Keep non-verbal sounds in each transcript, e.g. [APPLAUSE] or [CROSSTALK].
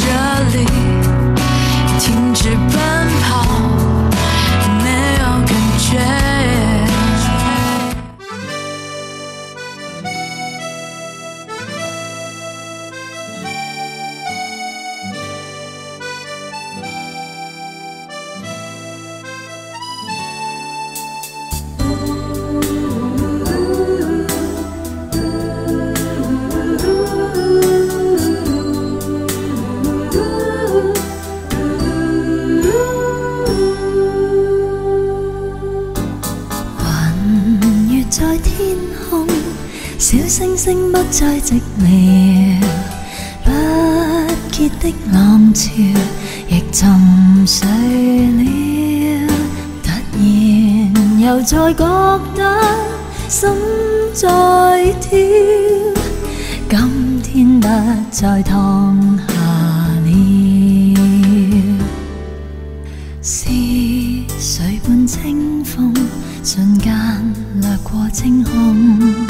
這裏，停止。再寂寥，不竭的浪潮亦沉睡了。突然又再覺得心在跳，今天不再躺下了。 [NOISE] 是水般清風，瞬間掠過青空。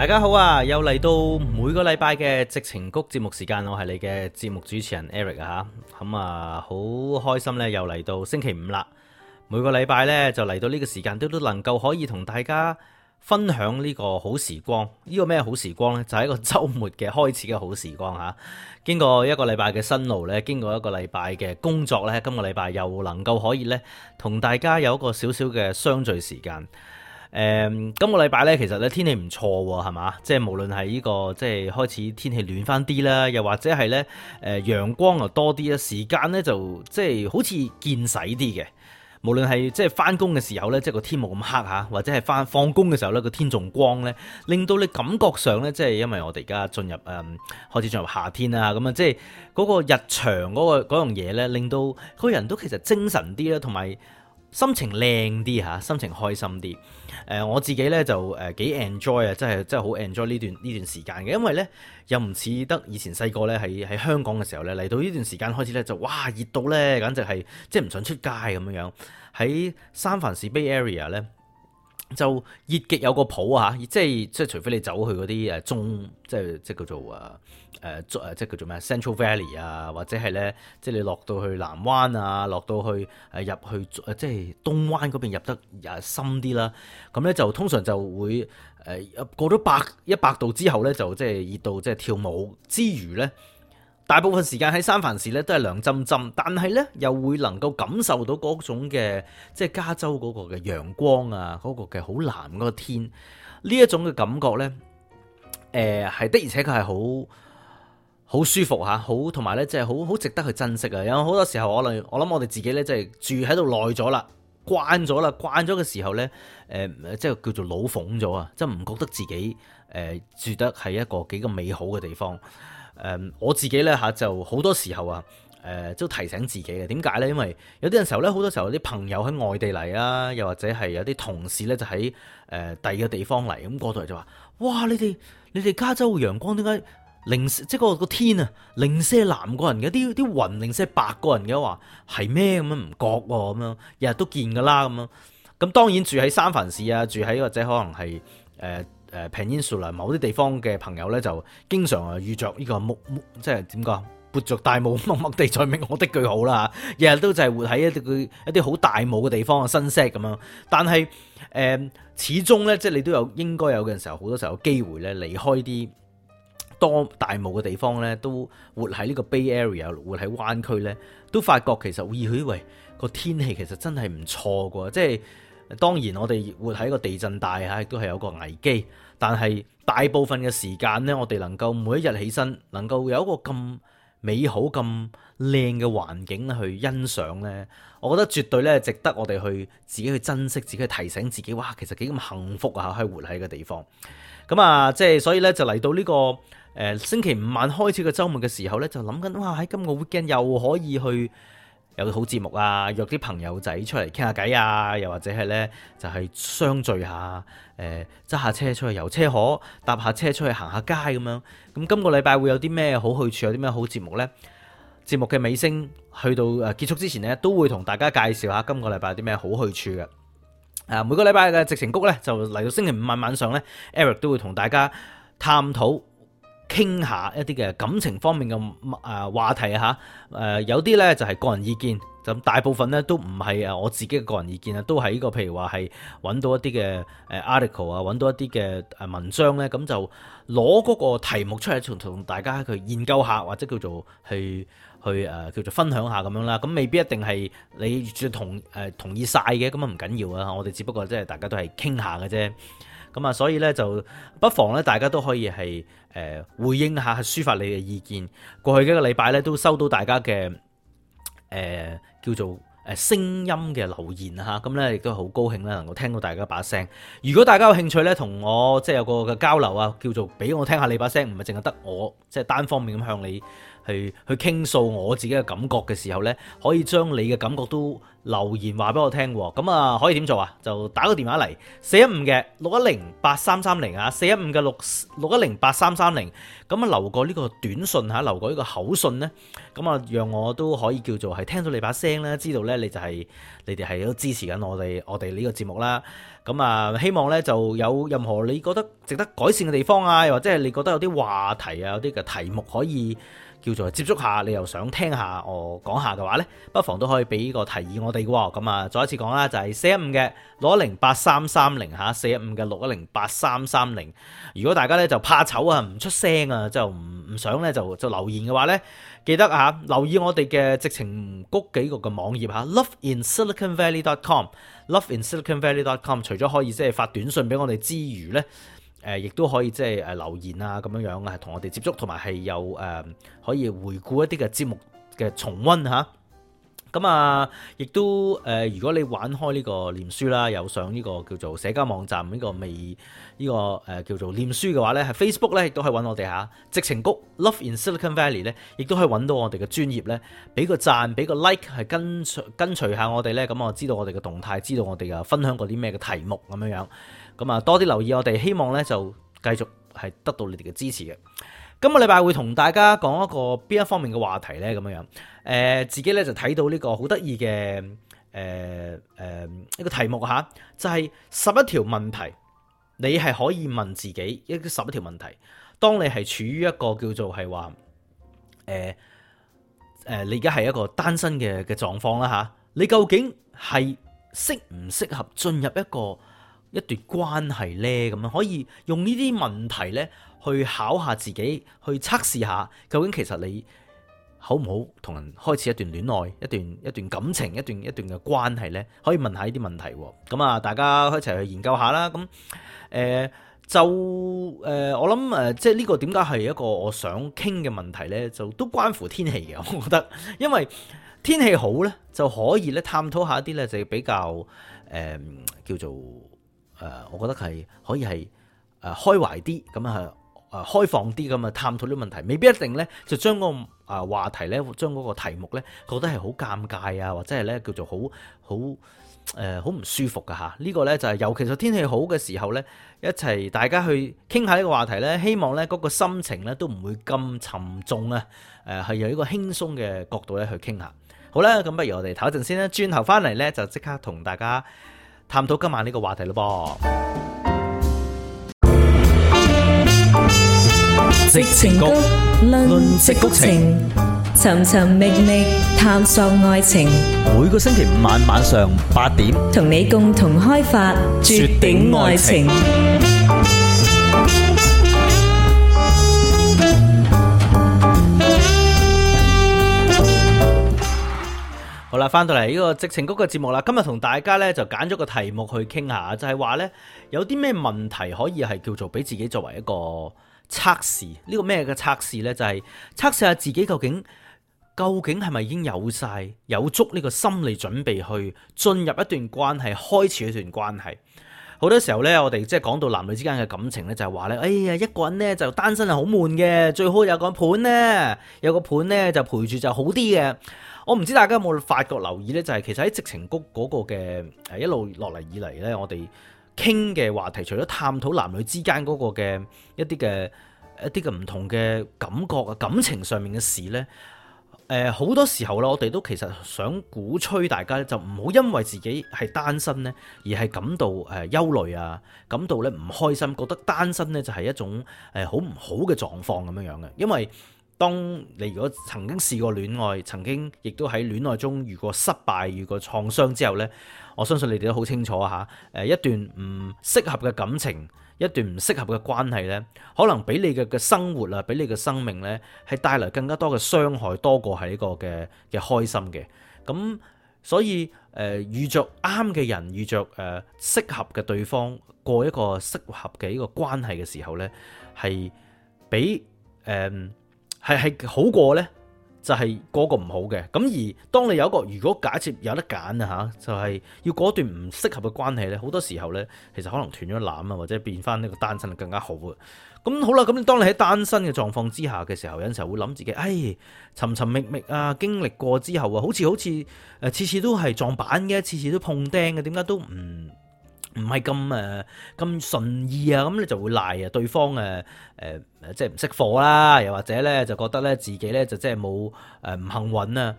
大家好啊！又嚟到每個禮拜嘅矽情谷節目時間，我係你嘅節目主持人 Eric 啊吓。咁啊，好開心咧，又嚟到星期五啦。每個禮拜咧就嚟到呢個時間都都能夠可以同大家分享呢個好時光。呢個咩好時光呢？就係一個周末嘅開始嘅好時光吓。經過一個禮拜嘅辛勞咧，經過一個禮拜嘅工作咧，今個禮拜又能夠可以咧同大家有一個少少嘅相聚時間。誒、嗯，今個禮拜咧，其實咧天氣唔錯，係嘛？即係無論係呢個，即係開始天氣暖翻啲啦，又或者係咧，誒、呃、陽光又多啲啦，時間咧就即係好似見使啲嘅。無論係即係翻工嘅時候咧，即係個天冇咁黑吓，或者係翻放工嘅時候咧，個天仲光咧，令到你感覺上咧，即係因為我哋而家進入誒、嗯，開始進入夏天啦，咁啊，即係嗰個日長嗰、嗰個嗰樣嘢咧，令到個人都其實精神啲啦，同埋。心情靚啲吓，心情開心啲。誒，我自己呢，就誒幾 enjoy 啊，真係真係好 enjoy 呢段呢段時間嘅，因為呢，又唔似得以前細個呢喺喺香港嘅時候呢，嚟到呢段時間開始呢，就哇熱到呢，簡直係即係唔想出街咁樣樣，喺三藩市 Bay Area 呢。就熱極有個譜啊！嚇，即係即係除非你走去嗰啲中，即係即係叫做、啊、即係叫做咩 Central Valley 啊，或者係咧，即係你落到去南灣啊，落到去入去即係東灣嗰邊入得誒深啲啦。咁咧就通常就會誒過咗百一百度之後咧，就即係熱到即係跳舞之餘咧。大部分時間喺三藩市咧都係涼浸浸，但係咧又會能夠感受到嗰種嘅即係加州嗰個嘅陽光啊，嗰、嗰個嘅好藍嗰個天呢一種嘅感覺咧，誒、呃、係的而且佢係好好舒服吓、啊，好同埋咧即係好好值得去珍惜啊！有好多時候可能我諗我哋自己咧即係住喺度耐咗啦，慣咗啦，慣咗嘅時候咧，誒即係叫做老諷咗啊，即係唔覺得自己誒、呃、住得係一個幾咁美好嘅地方。誒，我自己咧吓，就好多時候啊，誒，都提醒自己嘅。點解咧？因為有啲嘅時候咧，好多時候有啲朋友喺外地嚟啊，又或者係有啲同事咧就喺誒第二個地方嚟，咁過到嚟就話：，哇，你哋你哋加州嘅陽光點解零即係個天啊，零舍藍過人嘅，啲啲雲零舍白過人嘅話係咩咁樣唔覺咁樣，日日都見噶啦咁樣。咁當然住喺三藩市啊，住喺或者可能係誒。呃誒平煙樹林，某啲地方嘅朋友咧就經常遇着呢個木木，即係點講？撥着大霧，默默地在鳴我的句號啦！日日都就係活喺一啲佢一啲好大霧嘅地方啊，Sunset 咁樣。但係誒、嗯，始終咧，即係你都有應該有嘅時候，好多時候有機會咧離開啲多大霧嘅地方咧，都活喺呢個 Bay Area，活喺灣區咧，都發覺其實咦佢喂，個天氣其實真係唔錯喎，即係。當然，我哋活喺個地震帶下都係有個危機。但係大部分嘅時間呢，我哋能夠每一日起身，能夠有一個咁美好、咁靚嘅環境去欣賞呢。我覺得絕對呢，值得我哋去自己去珍惜，自己去提醒自己，哇！其實幾咁幸福啊，喺活喺個地方。咁啊，即係所以呢，就嚟到呢個誒星期五晚開始嘅週末嘅時候呢，就諗緊哇，喺今個 weekend 又可以去。有好節目啊，約啲朋友仔出嚟傾下偈啊，又或者係呢，就係相聚下，誒、呃，揸下車出去遊車河，搭下車出去行下街咁樣。咁今個禮拜會有啲咩好去處，有啲咩好節目呢？節目嘅尾聲，去到結束之前呢，都會同大家介紹下今個禮拜有啲咩好去處嘅。啊，每個禮拜嘅矽情谷呢，就嚟到星期五晚晚上呢，Eric 都會同大家探討。傾下一啲嘅感情方面嘅啊話題啊，嚇，誒有啲咧就係個人意見，咁大部分咧都唔係誒我自己嘅個人意見啊，都係呢個譬如話係揾到一啲嘅誒 article 啊，揾到一啲嘅誒文章咧，咁就攞嗰個題目出嚟，同同大家去研究下，或者叫做去去誒叫做分享下咁樣啦，咁未必一定係你同誒同意晒嘅，咁啊唔緊要啊，我哋只不過即係大家都係傾下嘅啫。咁啊，所以咧就不妨咧，大家都可以係誒、呃、回應一下、抒發你嘅意見。過去幾個禮拜咧，都收到大家嘅誒、呃、叫做誒聲音嘅留言啊！咁咧、嗯、亦都好高興咧，能夠聽到大家把聲。如果大家有興趣咧，同我即係有個嘅交流啊，叫做俾我聽一下你把聲，唔係淨係得我即係單方面咁向你。係去傾訴我自己嘅感覺嘅時候呢可以將你嘅感覺都留言話俾我聽。咁啊，可以點做啊？就打個電話嚟，四一五嘅六一零八三三零啊，四一五嘅六六一零八三三零。咁啊，留過呢個短信吓，留過呢個口信呢。咁啊，讓我都可以叫做係聽到你把聲啦，知道呢你就係、是、你哋係都支持緊我哋我哋呢個節目啦。咁啊，希望呢就有任何你覺得值得改善嘅地方啊，又或者係你覺得有啲話題啊，有啲嘅題目可以。叫做接觸下，你又想聽下我講下嘅話呢，不妨都可以俾個提議我哋喎。咁啊，再一次講啦，就係四一五嘅六一零八三三零嚇，四一五嘅六一零八三三零。如果大家呢就怕醜啊，唔出聲啊，就唔唔想呢，就就留言嘅話呢，記得啊，留意我哋嘅矽情谷幾個嘅網頁嚇，loveinSiliconValley.com，loveinSiliconValley.com，除咗可以即係發短信俾我哋之餘呢。誒，亦都可以即係誒留言啊，咁樣樣啊，同我哋接觸，同埋係有誒可以回顧一啲嘅節目嘅重溫吓，咁啊，亦都誒，如果你玩開呢個臉書啦，有上呢個叫做社交網站呢個未呢個誒叫做臉書嘅話咧，係 Facebook 咧亦都可以揾我哋吓，矽情谷 Love in Silicon Valley 咧，亦都可以揾到我哋嘅專頁咧，俾個贊，俾個 like，係跟跟隨，跟隨下我哋咧，咁我知道我哋嘅動態，知道我哋啊分享過啲咩嘅題目咁樣樣。咁啊，多啲留意我哋，希望咧就繼續係得到你哋嘅支持嘅。今個禮拜會同大家講一個邊一方面嘅話題呢？咁樣樣。誒、呃，自己咧就睇到呢個好得意嘅，誒、呃、誒、呃，一個題目吓，就係、是、十一條問題，你係可以問自己一十一條問題。當你係處於一個叫做係話，誒、呃、誒、呃，你而家係一個單身嘅嘅狀況啦吓，你究竟係適唔適合進入一個？一段關係呢，咁樣可以用呢啲問題呢去考下自己，去測試下究竟其實你好唔好同人開始一段戀愛、一段一段感情、一段一段嘅關係呢，可以問下呢啲問題喎。咁啊，大家一齊去研究下啦。咁誒、呃、就誒、呃，我諗誒，即係呢個點解係一個我想傾嘅問題呢，就都關乎天氣嘅，我覺得，因為天氣好呢，就可以咧探討下一啲呢，就比較誒、呃、叫做。誒，我覺得係可以係誒開懷啲，咁啊，誒開放啲，咁啊探討啲問題，未必一定咧就將個誒話題咧，將嗰個題目咧，覺得係好尷尬啊，或者係咧叫做好好誒好唔舒服噶吓。呢個咧就係，尤其是天氣好嘅時候咧，一齊大家去傾下呢個話題咧，希望咧嗰個心情咧都唔會咁沉重啊。誒，係由一個輕鬆嘅角度咧去傾下。好啦，咁不如我哋唞一陣先啦，轉頭翻嚟咧就即刻同大家。探討今晚呢個話題咯噃！矽情谷論色情，尋尋覓覓探索愛情。每個星期五晚晚上八點，同你共同開發絕頂愛情。好啦，翻到嚟呢個矽情谷嘅節目啦，今日同大家呢，就揀咗個題目去傾下，就係話呢，有啲咩問題可以係叫做俾自己作為一個測試，呢個咩嘅測試呢，就係測試下自己究竟究竟係咪已經有晒有足呢個心理準備去進入一段關係，開始一段關係。好多時候呢，我哋即係講到男女之間嘅感情呢，就係話呢：「哎呀，一個人呢就單身係好悶嘅，最好有個伴呢，有個伴呢就陪住就好啲嘅。我唔知大家有冇發覺留意呢？就係其實喺矽情谷嗰個嘅一路落嚟以嚟呢，我哋傾嘅話題，除咗探討男女之間嗰個嘅一啲嘅一啲嘅唔同嘅感覺啊，感情上面嘅事呢。誒好多時候呢，我哋都其實想鼓吹大家咧，就唔好因為自己係單身呢，而係感到誒憂慮啊，感到咧唔開心，覺得單身呢就係一種誒好唔好嘅狀況咁樣樣嘅，因為。當你如果曾經試過戀愛，曾經亦都喺戀愛中遇過失敗、遇過創傷之後呢，我相信你哋都好清楚吓。誒一段唔適合嘅感情，一段唔適合嘅關係呢，可能俾你嘅嘅生活啊，俾你嘅生命呢，係帶來更加多嘅傷害，多過係呢個嘅嘅開心嘅。咁所以誒遇、呃、着啱嘅人，遇着誒適、呃、合嘅對方，過一個適合嘅一個關係嘅時候呢，係俾誒。呃係係好過呢，就係個個唔好嘅。咁而當你有一個如果假設有得揀啊吓，就係要過一段唔適合嘅關係呢。好多時候呢，其實可能斷咗纜啊，或者變翻呢個單身更加好啊。咁好啦，咁你當你喺單身嘅狀況之下嘅時候，有時候會諗自己，唉，尋尋覓覓啊，經歷過之後啊，好似好似誒，次次都係撞板嘅，次次都碰釘嘅，點解都唔？唔係咁誒咁順意啊，咁你就會賴啊，對方誒誒、呃、即係唔識貨啦，又或者咧就覺得咧自己咧就即係冇誒唔幸運啊，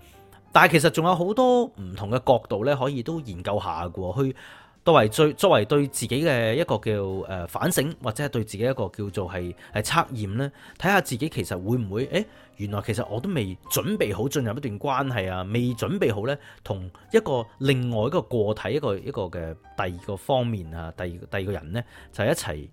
但係其實仲有好多唔同嘅角度咧，可以都研究下㗎，去作為最作為對自己嘅一個叫誒反省，或者係對自己一個叫做係係測驗咧，睇下自己其實會唔會誒？原來其實我都未準備好進入一段關係啊，未準備好呢，同一個另外一個個體一個一個嘅第二個方面啊，第二第二個人呢，就係一齊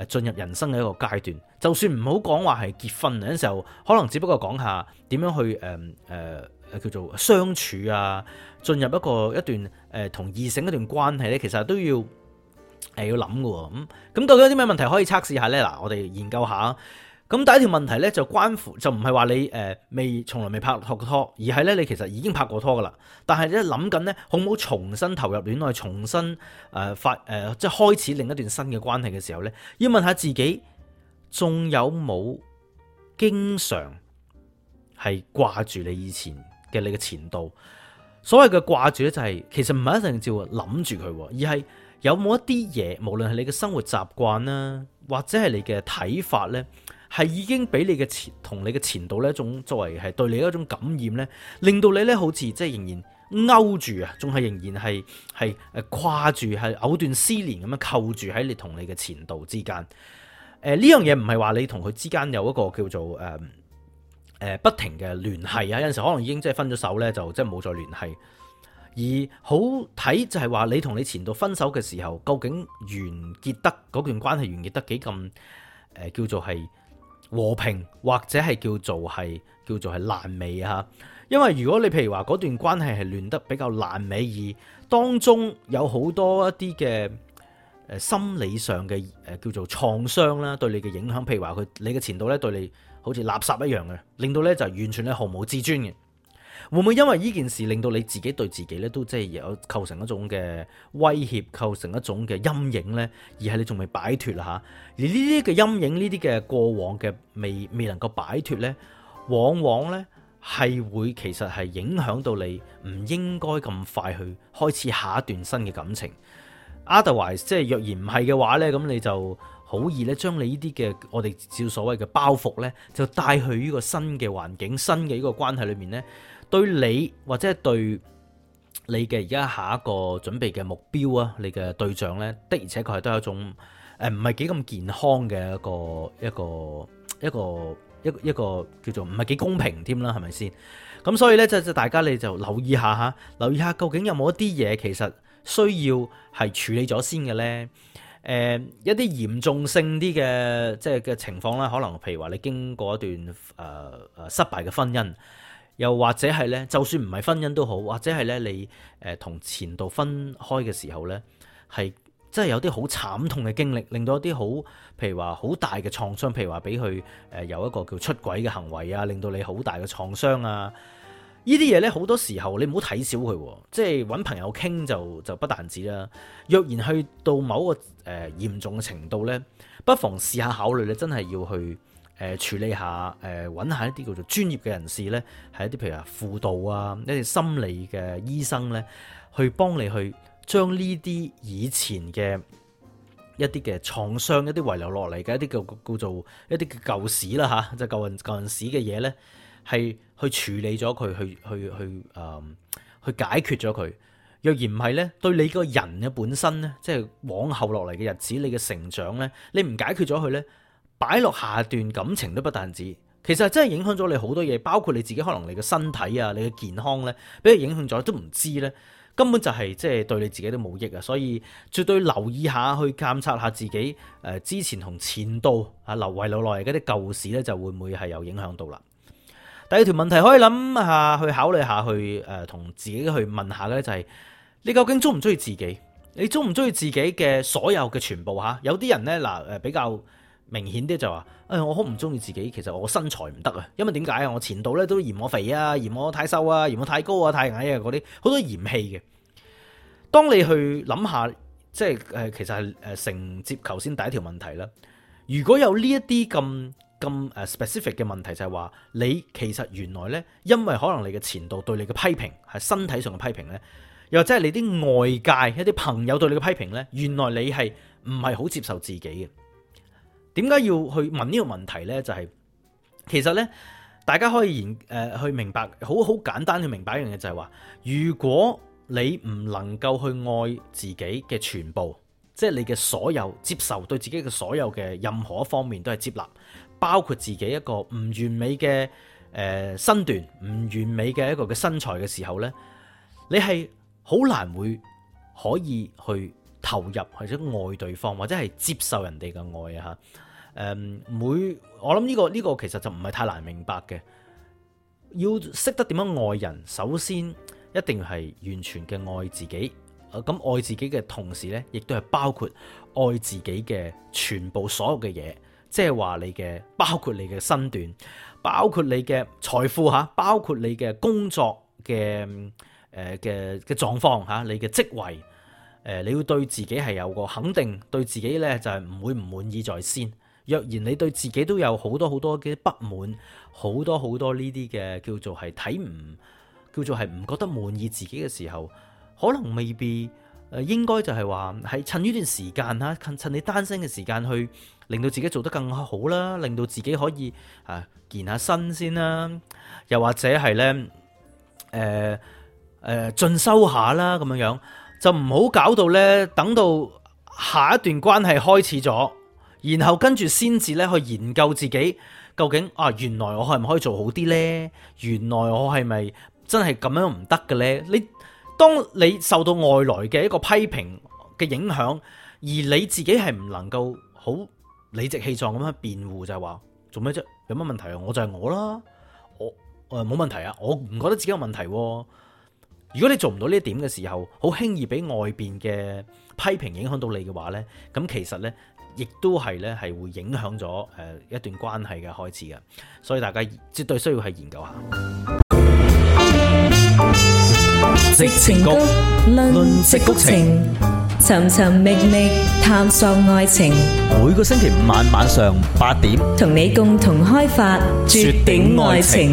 誒進入人生嘅一個階段。就算唔好講話係結婚，有陣時候可能只不過講下點樣去誒誒、呃、叫做相處啊，進入一個一段誒同異性的一段關係呢，其實都要誒要諗嘅。咁咁究竟有啲咩問題可以測試一下呢？嗱，我哋研究一下。咁第一條問題咧就關乎，就唔係話你誒未從來未拍過拖，而係咧你其實已經拍過拖噶啦。但係咧諗緊咧，好唔好重新投入戀愛，重新誒發誒即係開始另一段新嘅關係嘅時候咧，要問下自己，仲有冇經常係掛住你以前嘅你嘅前度？所謂嘅掛住咧，就係其實唔係一定要諗住佢，而係有冇一啲嘢，無論係你嘅生活習慣啦，或者係你嘅睇法咧。係已經俾你嘅前同你嘅前度呢一種作為係對你一種感染呢，令到你呢好似即係仍然勾住啊，仲係仍然係係誒跨住係藕斷絲連咁樣扣住喺你同你嘅前度之間。誒呢樣嘢唔係話你同佢之間有一個叫做誒誒、呃呃、不停嘅聯繫啊，有陣時可能已經即係分咗手呢，就即係冇再聯繫。而好睇就係話你同你前度分手嘅時候，究竟完結得嗰段關係完結得幾咁誒叫做係？和平或者係叫做係叫做係爛尾，因為如果你譬如話嗰段關係係亂得比較爛尾，而當中有好多一啲嘅，誒心理上嘅誒叫做創傷啦，對你嘅影響，譬如話佢你嘅前度咧對你好似垃圾一樣嘅，令到咧就是完全咧毫無自尊嘅。會唔會因為呢件事令到你自己對自己咧都即係有構成一種嘅威脅，構成一種嘅陰影咧？而係你仲未擺脫啦吓，而呢啲嘅陰影、呢啲嘅過往嘅未未能夠擺脫咧，往往咧係會其實係影響到你唔應該咁快去開始下一段新嘅感情。Otherwise，即係若然唔係嘅話咧，咁你就好易咧將你呢啲嘅我哋照所謂嘅包袱咧，就帶去呢個新嘅環境、新嘅呢個關係裏面咧。對你或者係對你嘅而家下一個準備嘅目標啊，你嘅對象呢，的而且確係都係一種誒，唔係幾咁健康嘅一個一個一個一個一個叫做唔係幾公平添啦，係咪先？咁所以呢，即即大家你就留意一下嚇，留意一下究竟有冇一啲嘢其實需要係處理咗先嘅呢？誒、呃，一啲嚴重性啲嘅即係嘅情況咧，可能譬如話你經過一段誒誒、呃、失敗嘅婚姻。又或者係咧，就算唔係婚姻都好，或者係咧，你誒同前度分開嘅時候咧，係真係有啲好慘痛嘅經歷，令到一啲好，譬如話好大嘅創傷，譬如話俾佢誒有一個叫出軌嘅行為啊，令到你好大嘅創傷啊，呢啲嘢咧好多時候你唔好睇小佢，即係揾朋友傾就就不單止啦。若然去到某個誒嚴重嘅程度咧，不妨試下考慮咧，真係要去。誒處理下，誒揾下一啲叫做專業嘅人士咧，係一啲譬如話輔導啊，一啲心理嘅醫生咧，去幫你去將呢啲以前嘅一啲嘅創傷、一啲遺留落嚟嘅一啲叫叫做一啲嘅舊史啦嚇，即係舊人、舊陣史嘅嘢咧，係去處理咗佢，去去去誒、嗯，去解決咗佢。若然唔係咧，對你個人嘅本身咧，即係往後落嚟嘅日子，你嘅成長咧，你唔解決咗佢咧。擺落下段感情都不單止，其實真係影響咗你好多嘢，包括你自己可能你嘅身體啊，你嘅健康呢，俾佢影響咗都唔知呢。根本就係即係對你自己都冇益啊！所以絕對留意一下去，檢測下自己誒、呃，之前同前度啊，留遺留來嗰啲舊事呢，就會唔會係有影響到啦？第二條問題可以諗下去考慮一下去誒，同、呃、自己去問一下呢、就是，就係你究竟中唔中意自己？你中唔中意自己嘅所有嘅全部吓？有啲人呢，嗱、呃、誒，比較。明顯啲就話，誒、哎，我好唔中意自己。其實我身材唔得啊，因為點解啊？我前度咧都嫌我肥啊，嫌我太瘦啊，嫌我太高啊，太矮啊，嗰啲好多嫌棄嘅。當你去諗下，即係誒，其實係誒，承、呃、接頭先第一條問題啦。如果有呢一啲咁咁誒 specific 嘅問題就，就係話你其實原來咧，因為可能你嘅前度對你嘅批評係身體上嘅批評咧，又或者係你啲外界一啲朋友對你嘅批評咧，原來你係唔係好接受自己嘅。點解要去問呢個問題呢？就係其實呢，大家可以研呃去明白，好好簡單去明白一樣嘢就係話，如果你唔能夠去愛自己嘅全部，即係你嘅所有接受對自己嘅所有嘅任何一方面都係接納，包括自己一個唔完美嘅呃身段，唔完美嘅一個嘅身材嘅時候呢，你係好難會可以去投入或者愛對方，或者係接受人哋嘅愛啊。誒、嗯，每我諗呢、這個呢、這個其實就唔係太難明白嘅，要識得點樣愛人，首先一定係完全嘅愛自己。咁、呃、愛自己嘅同時呢，亦都係包括愛自己嘅全部所有嘅嘢，即係話你嘅包括你嘅身段，包括你嘅財富吓，包括你嘅工作嘅誒嘅嘅狀況吓、啊，你嘅職位誒、呃，你要對自己係有個肯定，對自己呢就係、是、唔會唔滿意在先。若然你對自己都有好多好多嘅不滿，好多好多呢啲嘅叫做係睇唔叫做係唔覺得滿意自己嘅時候，可能未必誒、呃、應該就係話係趁呢段時間啦，趁趁你單身嘅時間去令到自己做得更好啦，令到自己可以啊、呃、健下身先啦，又或者係呢，誒誒進修下啦咁樣樣，就唔好搞到呢，等到下一段關係開始咗。然後跟住先至咧去研究自己究竟啊，原來我係咪可以做好啲呢？原來我係咪真係咁樣唔得嘅呢？你當你受到外來嘅一個批評嘅影響，而你自己係唔能夠好理直氣壯咁樣辯護，就係話做咩啫？有乜問題啊？我就係我啦，我、呃、冇問題啊，我唔覺得自己有問題啊。如果你做唔到呢一點嘅時候，好輕易俾外邊嘅批評影響到你嘅話呢，咁其實呢。亦都係咧，係會影響咗誒一段關係嘅開始啊！所以大家絕對需要去研究下。矽情谷，論矽情，尋尋覓覓探索愛情。每個星期五晚晚上八點，同你共同開發絕頂愛情。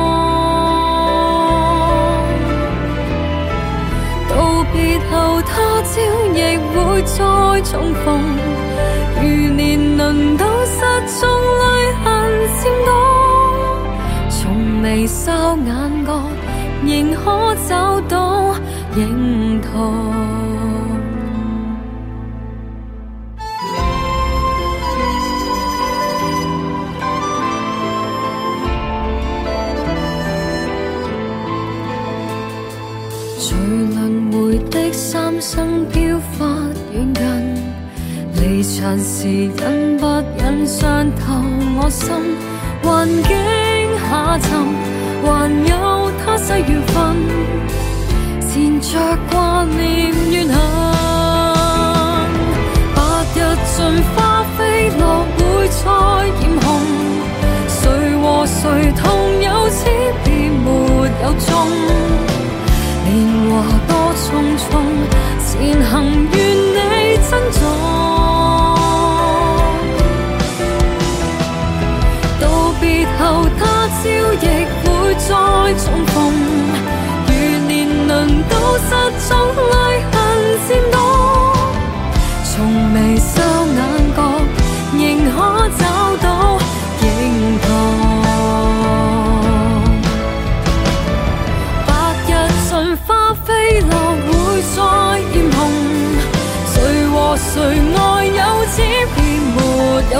別後他朝亦會再重逢，如年輪都失蹤，淚痕漸多，從眉梢眼角仍可找到認同。但是忍不忍傷透我心？環境下沉，還有他世緣份，纏着掛念。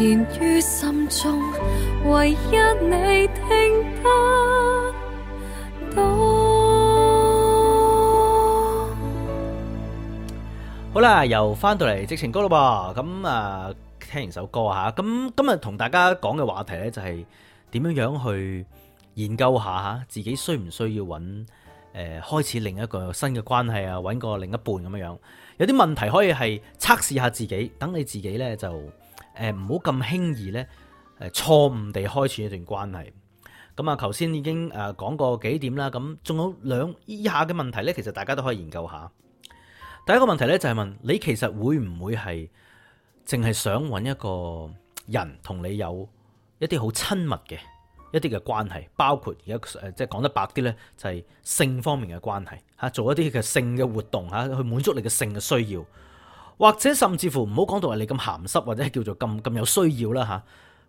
言於心中，唯一你聽得到。好啦，又翻到嚟直情歌咯噃，咁啊，聽完首歌吓，咁今日同大家講嘅話題呢，就係點樣樣去研究下吓，自己需唔需要揾誒，開始另一個新嘅關係啊，揾個另一半咁樣樣，有啲問題可以係測試下自己，等你自己呢就。誒唔好咁輕易咧，誒錯誤地開始一段關係。咁啊，頭先已經誒講過幾點啦。咁仲有兩以下嘅問題咧，其實大家都可以研究下。第一個問題咧就係問你其實會唔會係淨係想搵一個人同你有一啲好親密嘅一啲嘅關係，包括而家誒即係講得白啲咧，就係性方面嘅關係嚇，做一啲嘅性嘅活動嚇，去滿足你嘅性嘅需要。或者甚至乎唔好講到話你咁鹹濕，或者叫做咁咁有需要啦吓，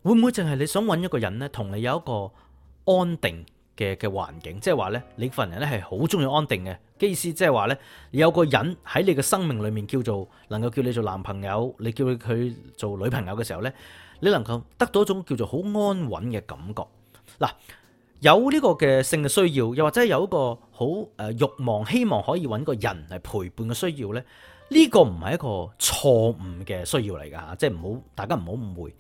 會唔會淨係你想揾一個人呢？同你有一個安定嘅嘅環境？即係話呢，你份人呢係好中意安定嘅，意思即係話呢，有個人喺你嘅生命裏面叫做能夠叫你做男朋友，你叫佢做女朋友嘅時候呢，你能夠得到一種叫做好安穩嘅感覺。嗱，有呢個嘅性嘅需要，又或者有一個好誒慾望，希望可以揾個人嚟陪伴嘅需要呢，呢個唔係一個錯誤嘅需要嚟㗎，即係唔好大家唔好誤會。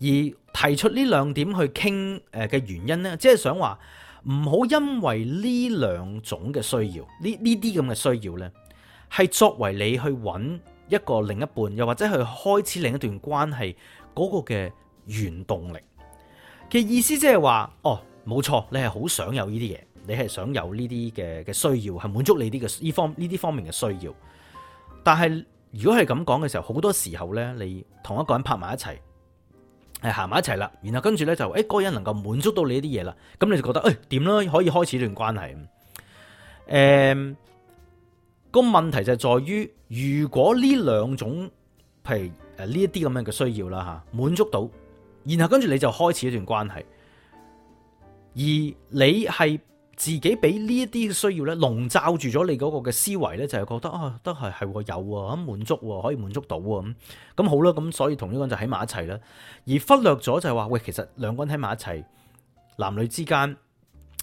而提出呢兩點去傾誒嘅原因呢，即係想話唔好因為呢兩種嘅需要，呢呢啲咁嘅需要呢，係作為你去揾一個另一半，又或者去開始另一段關係嗰個嘅原動力嘅，意思就是說，即係話哦，冇錯，你係好想有呢啲嘢，你係想有呢啲嘅嘅需要，係滿足你啲嘅呢方呢啲方面嘅需要。但係如果係咁講嘅時候，好多時候呢，你同一個人拍埋一齊，係行埋一齊啦，然後跟住呢，就誒、哎，個人能夠滿足到你啲嘢啦，咁你就覺得誒點啦，可以開始一段關係。誒、嗯，個問題就係在於，如果呢兩種，譬如呢一啲咁樣嘅需要啦吓，滿足到，然後跟住你就開始一段關係，而你係。自己俾呢一啲需要咧，籠罩住咗你嗰個嘅思維咧，就係覺得啊，都係係喎，有喎，咁滿足喎，可以滿足到喎，咁咁好啦，咁所以同呢個人就喺埋一齊啦，而忽略咗就係話，喂，其實兩個人喺埋一齊，男女之間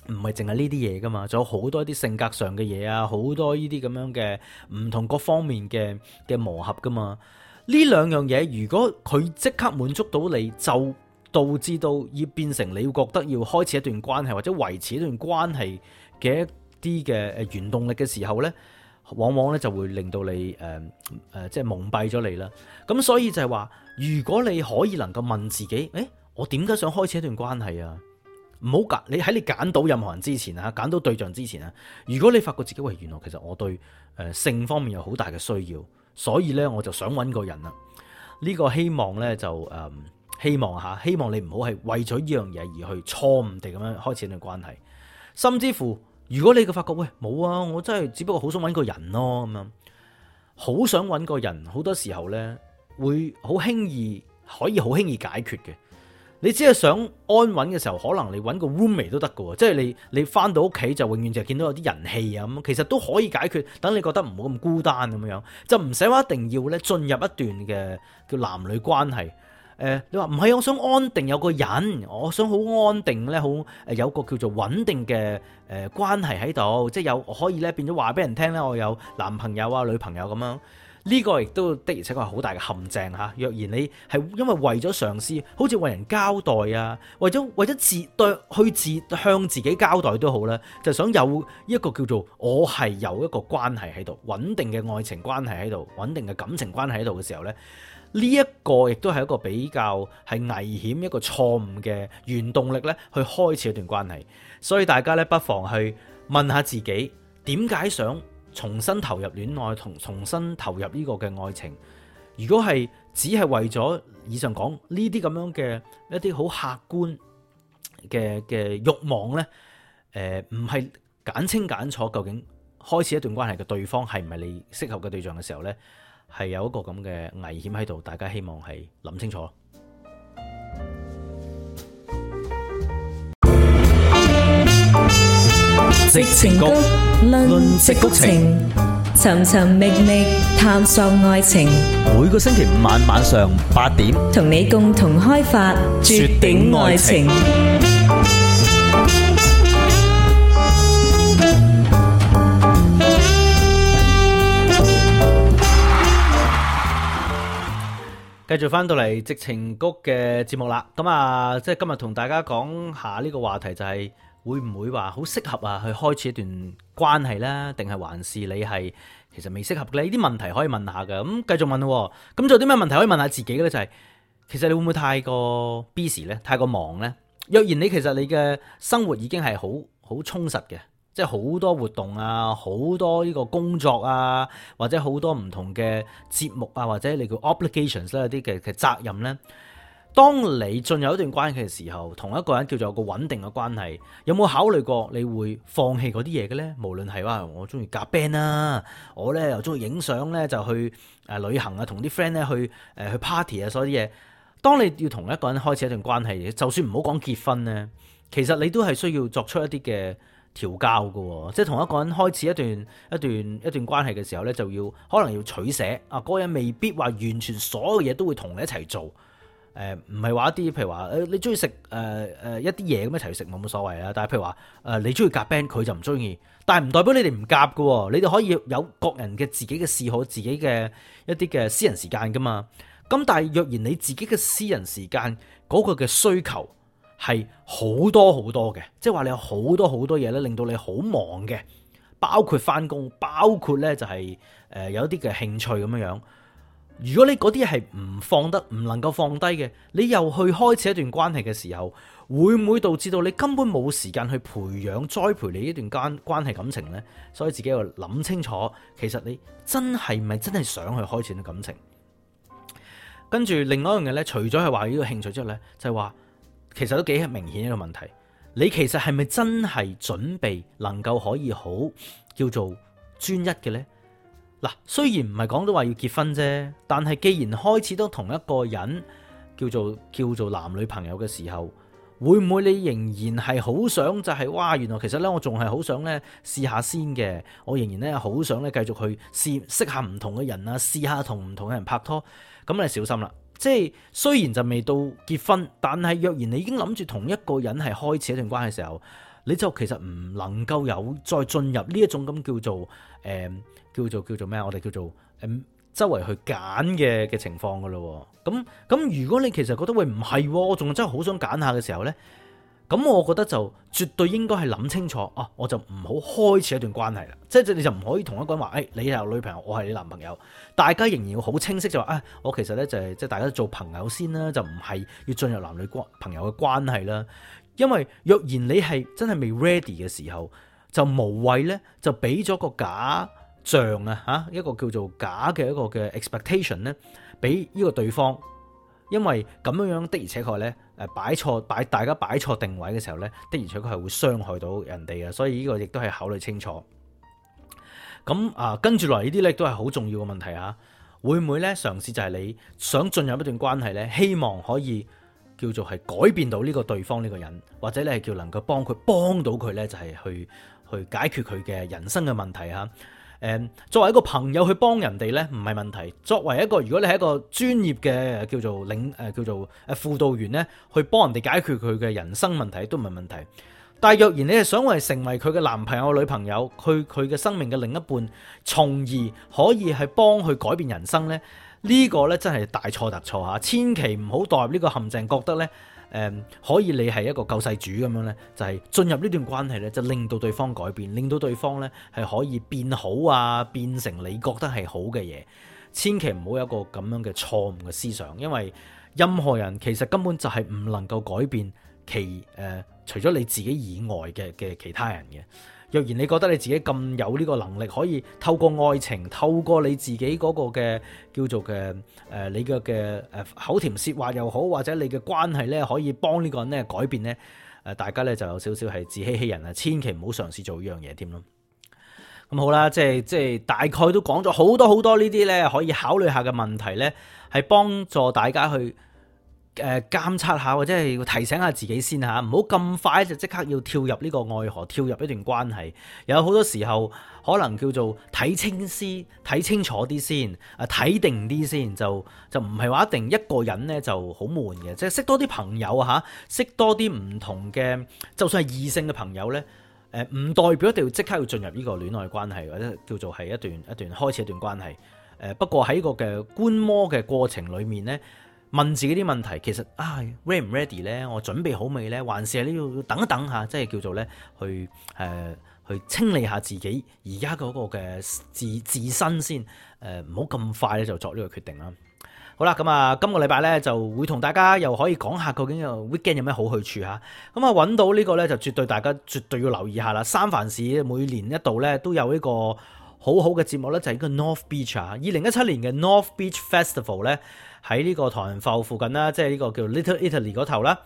唔係淨係呢啲嘢噶嘛，就有好多啲性格上嘅嘢啊，好多呢啲咁樣嘅唔同各方面嘅嘅磨合噶嘛，呢兩樣嘢如果佢即刻滿足到你就導致到要變成你覺得要開始一段關係或者維持一段關係嘅一啲嘅誒原動力嘅時候呢，往往呢就會令到你誒誒、呃呃、即係蒙蔽咗你啦。咁所以就係話，如果你可以能夠問自己，誒、欸、我點解想開始一段關係啊？唔好揀你喺你揀到任何人之前啊，揀到對象之前啊，如果你發覺自己，喂，原來其實我對誒性方面有好大嘅需要，所以呢，我就想揾個人啦。呢、呢個希望呢，就誒。呃希望吓，希望你唔好係為咗呢樣嘢，而去錯誤地咁樣開始呢段關係，甚至乎如果你個發覺，喂，冇啊，我真係只不過好想揾個人咯、啊、咁樣，好想揾個人，好多時候呢會好輕易可以好輕易解決嘅。你只係想安穩嘅時候，可能你揾個 roommate 都得噶即係你你翻到屋企就永遠就見到有啲人氣啊咁，其實都可以解決。等你覺得唔好咁孤單咁樣，就唔使話一定要咧進入一段嘅叫男女關係。誒，你話唔係，我想安定有個人，我想好安定咧，好誒，有個叫做穩定嘅誒、呃、關係喺度，即係有我可以咧變咗話俾人聽咧，我有男朋友啊、女朋友咁樣。呢、呢個亦都的而且確係好大嘅陷阱吓。若然你係因為為咗上司，好似為人交代啊，為咗為咗自對去自向自己交代都好咧，就是、想有一個叫做我係有一個關係喺度，穩定嘅愛情關係喺度，穩定嘅感情關係喺度嘅時候咧。呢一個亦都係一個比較係危險一個錯誤嘅原動力咧，去開始一段關係。所以大家咧不妨去問下自己，點解想重新投入戀愛同重新投入呢個嘅愛情？如果係只係為咗以上講呢啲咁樣嘅一啲好客觀嘅嘅慾望咧，誒唔係簡清簡楚，究竟開始一段關係嘅對方係唔係你適合嘅對象嘅時候咧？係有一個咁嘅危險喺度，大家希望係諗清楚。矽情谷論色情，尋尋覓覓探索愛情。每個星期五晚晚上八點，同你共同開發絕頂愛情。繼續翻到嚟矽情谷嘅節目啦，咁啊，即係今日同大家講下呢個話題，就係會唔會話好適合啊去開始一段關係呢？定係還是你係其實未適合咧？呢啲問題可以問一下噶。咁繼續問咯，咁仲有啲咩問題可以問一下自己嘅呢？就係、是、其實你會唔會太過 busy 咧？太過忙呢？若然你其實你嘅生活已經係好好充實嘅。即係好多活動啊，好多呢個工作啊，或者好多唔同嘅節目啊，或者你叫 obligations 咧，有啲嘅嘅責任咧。當你進入一段關係嘅時候，同一個人叫做個穩定嘅關係，有冇考慮過你會放棄嗰啲嘢嘅咧？無論係話我中意夾 band 啊，我咧又中意影相咧，就去誒旅行啊，同啲 friend 咧去誒去 party 啊，所有啲嘢。當你要同一個人開始一段關係，就算唔好講結婚咧，其實你都係需要作出一啲嘅。調教嘅，即係同一個人開始一段一段一段關係嘅時候呢，就要可能要取捨啊！嗰個人未必話完全所有嘢都會同你一齊做，誒、呃，唔係話一啲，譬如話誒你中意食誒誒一啲嘢咁一齊食冇乜所謂啦。但係譬如話誒、呃、你中意夾 band，佢就唔中意，但係唔代表你哋唔夾嘅，你哋可以有各人嘅自己嘅嗜好，自己嘅一啲嘅私人時間噶嘛。咁但係若然你自己嘅私人時間嗰、嗰個嘅需求。係好多好多嘅，即係話你有好多好多嘢咧，令到你好忙嘅，包括翻工，包括呢就係誒有啲嘅興趣咁樣樣。如果你嗰啲係唔放得，唔能夠放低嘅，你又去開始一段關係嘅時候，會唔會導致到你根本冇時間去培養、栽培你呢段關關係感情呢？所以自己要諗清楚，其實你真係唔係真係想去開始嘅感情。跟住另外一樣嘢呢，除咗係話呢個興趣之外呢，就係話。其實都幾明顯一個問題，你其實係咪真係準備能夠可以好叫做專一嘅呢？嗱，雖然唔係講到話要結婚啫，但係既然開始都同一個人叫做叫做男女朋友嘅時候，會唔會你仍然係好想就係哇？原來其實呢，我仲係好想呢試下先嘅，我仍然呢，好想呢繼續去試識下唔同嘅人啊，試下同唔同嘅人拍拖，咁你小心啦。即係雖然就未到結婚，但係若然你已經諗住同一個人係開始一段關係嘅時候，你就其實唔能夠有再進入呢一種咁叫做、嗯、叫做叫做咩啊？我哋叫做、嗯、周圍去揀嘅嘅情況㗎喇。咁咁如果你其實覺得喂唔係、啊，我仲真係好想揀下嘅時候咧。咁我覺得就絕對應該係諗清楚，啊，我就唔好開始一段關係啦，即係你就唔可以同一個人話，誒，你係我女朋友，我係你男朋友，大家仍然要好清晰就話，啊，我其實呢，就係即係大家做朋友先啦，就唔係要進入男女關朋友嘅關係啦，因為若然你係真係未 ready 嘅時候，就無謂呢就俾咗個假象啊，嚇一個叫做假嘅一個嘅 expectation 呢，俾呢個對方。因為咁樣樣的而且確咧，誒，擺錯擺大家擺錯定位嘅時候咧，的而且確係會傷害到人哋啊，所以呢個亦都係考慮清楚。咁啊，跟住來呢啲咧，都係好重要嘅問題啊，會唔會咧，嘗試就係你想進入一段關係咧，希望可以叫做係改變到呢個對方呢個人，或者你係叫能夠幫佢幫到佢咧，就係去去解決佢嘅人生嘅問題啊。作為一個朋友去幫人哋呢，唔係問題，作為一個如果你係一個專業嘅叫做領誒，呃、叫做誒輔導員呢，去幫人哋解決佢嘅人生問題都唔係問題。但係若然你係想為成為佢嘅男朋友、女朋友，佢佢嘅生命嘅另一半，從而可以係幫佢改變人生呢，呢、呢個呢真係大錯特錯嚇，千祈唔好代入呢個陷阱，覺得呢。誒可以你係一個救世主咁樣呢，就係、是、進入呢段關係呢，就是、令到對方改變，令到對方呢係可以變好啊，變成你覺得係好嘅嘢。千祈唔好有個咁樣嘅錯誤嘅思想，因為任何人其實根本就係唔能夠改變其、呃、除咗你自己以外嘅嘅其他人嘅。若然你覺得你自己咁有呢個能力，可以透過愛情、透過你自己嗰個嘅叫做嘅誒、呃、你嘅嘅、呃、口甜舌滑又好，或者你嘅關係咧可以幫呢個人咧改變咧、呃，大家咧就有少少係自欺欺人啊！千祈唔好嘗試做呢樣嘢添咯。咁好啦，即係即係大概都講咗好多好多呢啲咧，可以考慮下嘅問題咧，係幫助大家去。誒監察下或者係提醒下自己先嚇，唔好咁快就即刻要跳入呢個愛河，跳入一段關係。有好多時候可能叫做睇清絲、睇清楚啲先，啊睇定啲先，就就唔係話一定一個人咧就好悶嘅，即係識多啲朋友嚇，識多啲唔同嘅，就算係異性嘅朋友咧，誒唔代表一定要即刻要進入呢個戀愛關係，或者叫做係一段一段開始一段關係。誒不過喺個嘅觀摩嘅過程裏面咧。問自己啲問題，其實啊，ready 唔 ready 咧？我準備好未咧？還是呢你要等一等嚇？即係叫做咧，去、呃、去清理下自己而家嗰個嘅自自身先誒，唔好咁快咧就作呢個決定啦。好啦，咁、嗯、啊，今個禮拜咧就會同大家又可以講下究竟個 weekend 有咩好去處下咁啊，揾到個呢個咧就絕對大家絕對要留意下啦。三藩市每年一度咧都有一個好好嘅節目咧，就係、呢、個 North Beach 啊。二零一七年嘅 North Beach Festival 咧。喺呢個唐人埠附近啦，即係呢個叫 Little Italy 嗰頭啦，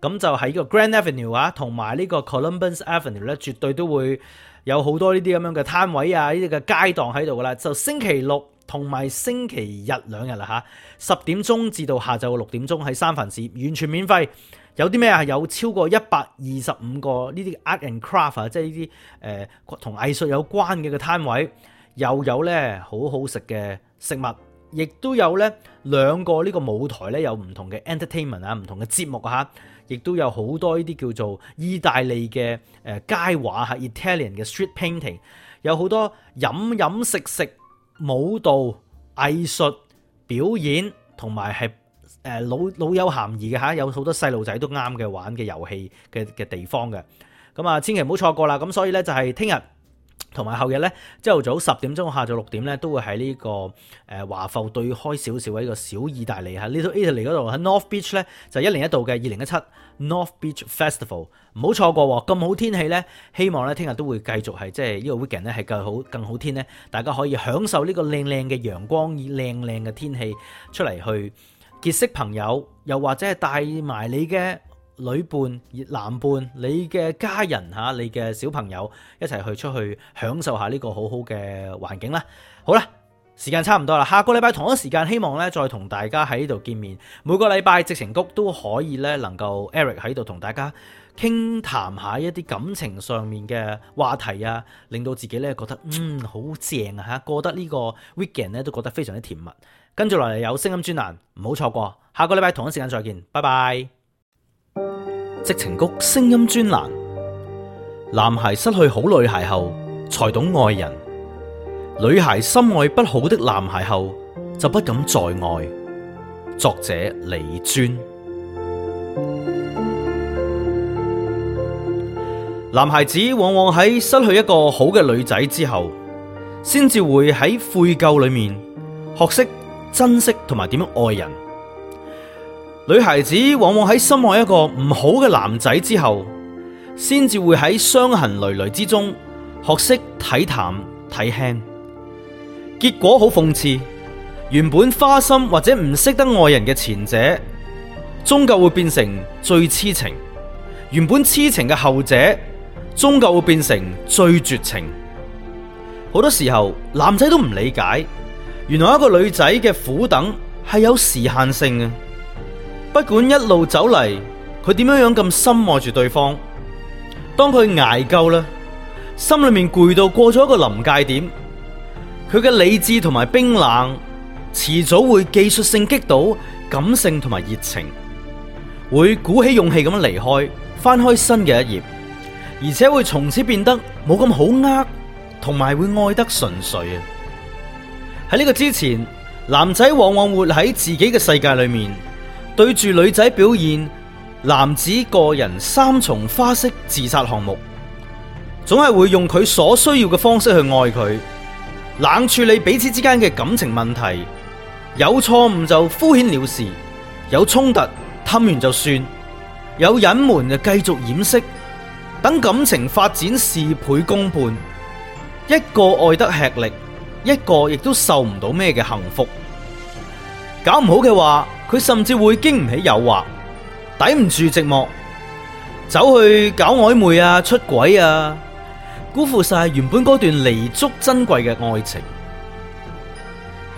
咁就喺呢個 Grand Avenue 啊，同埋呢個 Columbus Avenue 咧，絕對都會有好多呢啲咁樣嘅攤位啊，呢啲嘅街檔喺度噶啦。就星期六同埋星期日兩日啦吓，十點鐘至到下晝六點鐘喺三藩市完全免費。有啲咩啊？有超過一百二十五個呢啲 Art and Craft 啊，即係呢啲誒同藝術有關嘅嘅攤位，又有咧好好食嘅食物。亦都有咧兩個呢個舞台咧，有唔同嘅 entertainment 啊，唔同嘅節目嚇，亦都有好多呢啲叫做意大利嘅誒街畫嚇，Italian 嘅 Street Painting，有好多飲飲食食、舞蹈、藝術表演同埋係誒老老幼咸宜嘅嚇，有好多細路仔都啱嘅玩嘅遊戲嘅嘅地方嘅，咁啊千祈唔好錯過啦，咁所以咧就係聽日。同埋後日咧，朝頭早十點鐘，下晝六點咧，都會喺呢個誒華埠對開少少嘅一個小意大利呢度 Little Italy 嗰度喺 North Beach 咧，就一年一度嘅二零一七 North Beach Festival，唔好錯過喎！咁好天氣咧，希望咧聽日都會繼續係即係呢個 Weekend 咧係更好更好天咧，大家可以享受呢個靚靚嘅陽光、以靚靚嘅天氣出嚟去結識朋友，又或者係帶埋你嘅。女伴、男伴，你嘅家人嚇你嘅小朋友一齊去出去享受下呢個好好嘅環境啦！好啦，時間差唔多啦，下個禮拜同一時間希望咧再同大家喺度見面。每個禮拜矽情谷都可以咧能夠 Eric 喺度同大家傾談下一啲感情上面嘅話題啊，令到自己咧覺得嗯好正啊嚇，過得呢個 Weekend 咧都覺得非常之甜蜜。跟住落嚟有聲音專欄，唔好錯過。下個禮拜同一時間再見，拜拜。《矽情谷聲音專欄》：男孩失去好女孩後，才懂愛人；女孩心愛不好的男孩後，就不敢再愛。作者李尊。男孩子往往喺失去一個好嘅女仔之後，先至會喺悔疚裏面學識珍惜同埋點樣愛人。女孩子往往喺深愛一個唔好嘅男仔之後，先至會喺傷痕累累之中學識睇淡睇輕。結果好諷刺，原本花心或者唔識得愛人嘅前者，終究會變成最痴情；原本痴情嘅後者，終究會變成最絕情。好多時候男仔都唔理解，原來一個女仔嘅苦等係有時限性嘅。不管一路走嚟，佢點樣樣咁深愛住對方，當佢捱夠啦，心裏面攰到過咗一個臨界點，佢嘅理智同埋冰冷遲早會技術性擊倒感性同埋熱情，會鼓起勇氣咁樣離開，翻開新嘅一頁，而且會從此變得冇咁好呃，同埋會愛得純粹啊！喺呢個之前，男仔往往活喺自己嘅世界裏面。對住女仔表現，男子個人三重花式自殺項目，總係會用佢所需要嘅方式去愛佢，冷處理彼此之間嘅感情問題，有錯誤就敷衍了事，有衝突氹完就算，有隱瞞就繼續掩飾，等感情發展事倍功半，一個愛得吃力，一個亦都受唔到咩嘅幸福，搞唔好嘅話。佢甚至會經唔起誘惑，抵唔住寂寞，走去搞曖昧啊、出軌啊，辜負晒原本嗰段彌足珍貴嘅愛情。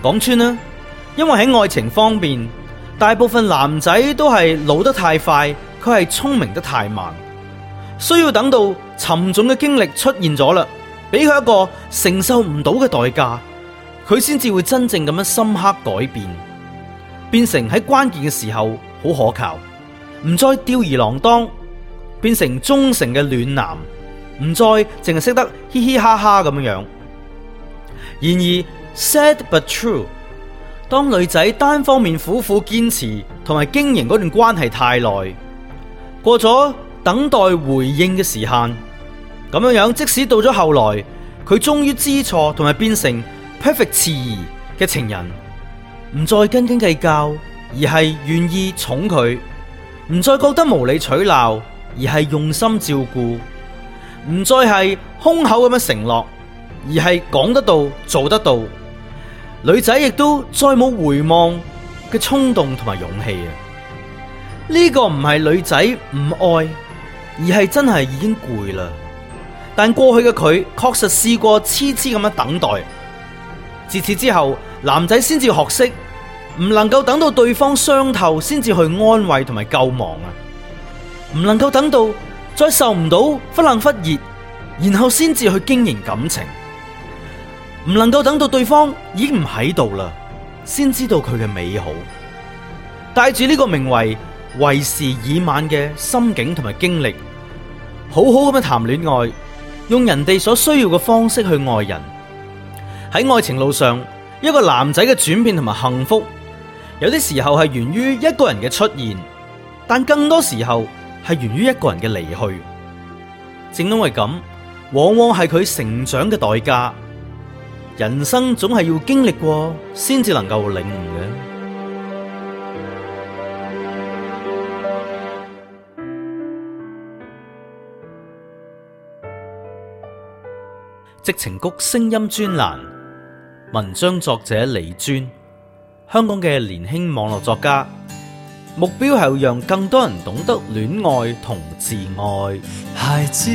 講穿啦，啊，因為喺愛情方面，大部分男仔都係老得太快，佢係聰明得太慢，需要等到沉重嘅經歷出現咗啦，俾佢一個承受唔到嘅代價，佢先至會真正咁樣深刻改變。變成喺關鍵嘅時候好可靠，唔再吊兒郎當，變成忠誠嘅暖男，唔再淨係識得嘻嘻哈哈咁樣。然而，sad but true，當女仔單方面苦苦堅持同埋經營嗰段關係太耐，過咗等待回應嘅時限，咁樣樣，即使到咗後來，佢終於知錯同埋變成 perfect 遲疑嘅情人。唔再斤斤計較，而係願意寵佢；唔再覺得無理取鬧，而係用心照顧；唔再係空口咁樣承諾，而係講得到做得到。女仔亦都再冇回望嘅衝動同埋勇氣啊！呢個唔係女仔唔愛，而係真係已經攰啦。但過去嘅佢確實試過痴痴咁樣等待。自此之後，男仔先至學識。唔能夠等到對方傷透先至去安慰同埋救亡啊！唔能夠等到再受唔到忽冷忽熱，然後先至去經營感情。唔能夠等到對方已經唔喺度啦，先知道佢嘅美好。帶住呢個名為為時已晚嘅心境同埋經歷，好好咁樣談戀愛，用人哋所需要嘅方式去愛人。喺愛情路上，一個男仔嘅轉變同埋幸福。有啲時候係源於一個人嘅出現，但更多時候係源於一個人嘅離去。正因為咁，往往係佢成長嘅代價。人生總係要經歷過，先至能夠領悟嘅。矽情谷聲音專欄，文章作者李尊。香港嘅年輕網絡作家，目標係要讓更多人懂得戀愛同自愛。孩子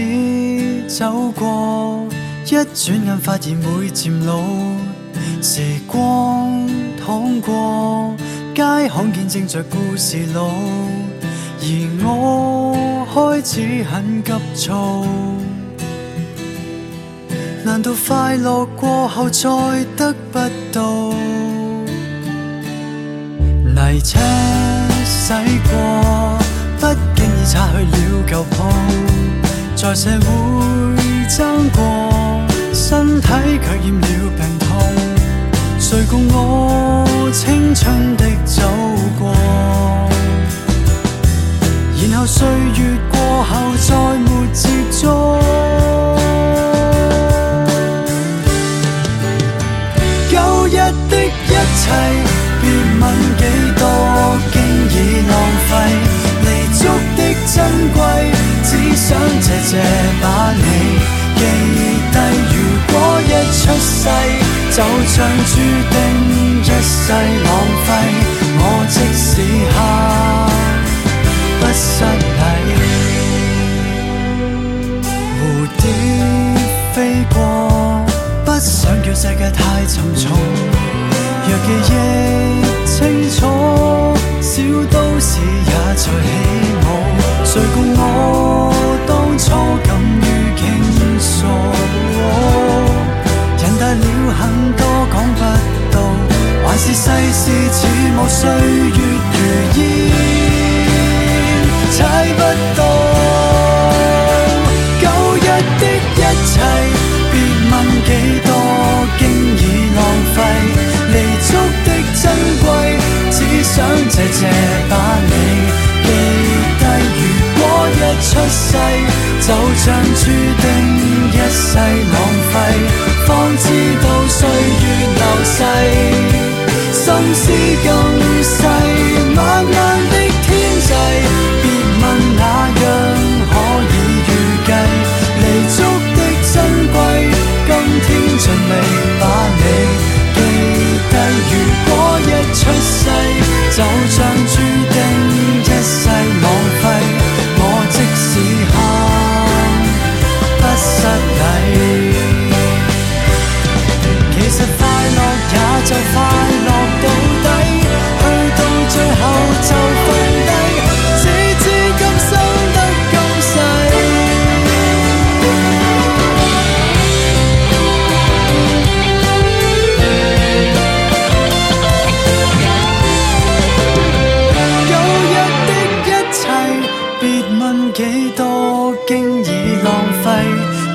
走過，一轉眼發現會漸老，時光淌過街巷見證着故事老，而我開始很急躁，難道快樂過後再得不到？泥車駛過，不經意擦去了舊鋪，在社會爭過，身體卻染了病痛。誰共我青春的走過，然後歲月過後再沒接觸舊日的一切。別問幾多，經已浪費。彌足的珍貴，只想謝謝把你記低。如果一出世，就像注定一世浪費。我即使黑，不失禮。蝴蝶飛過，不想叫世界太沉重。若記憶清楚，小都市也在起舞，誰共我當初敢於傾訴？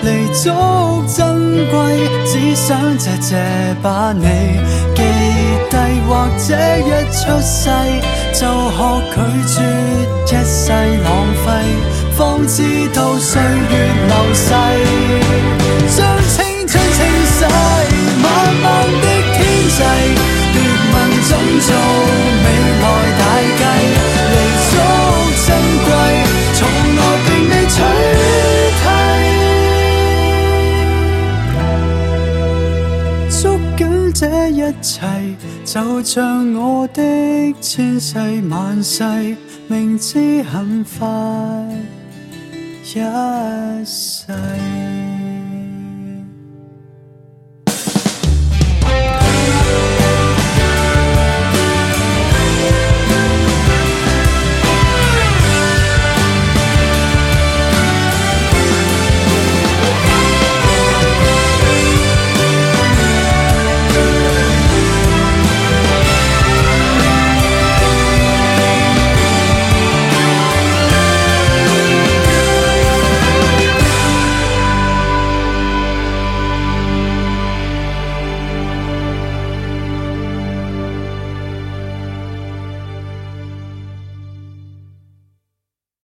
彌足珍貴，只想謝謝把你記低，或者一出世就學拒絕，一世浪費，方知道歲月流逝，將青春清洗，慢慢的天際，別問怎做。一切就像我的千世萬世，明知很快一世。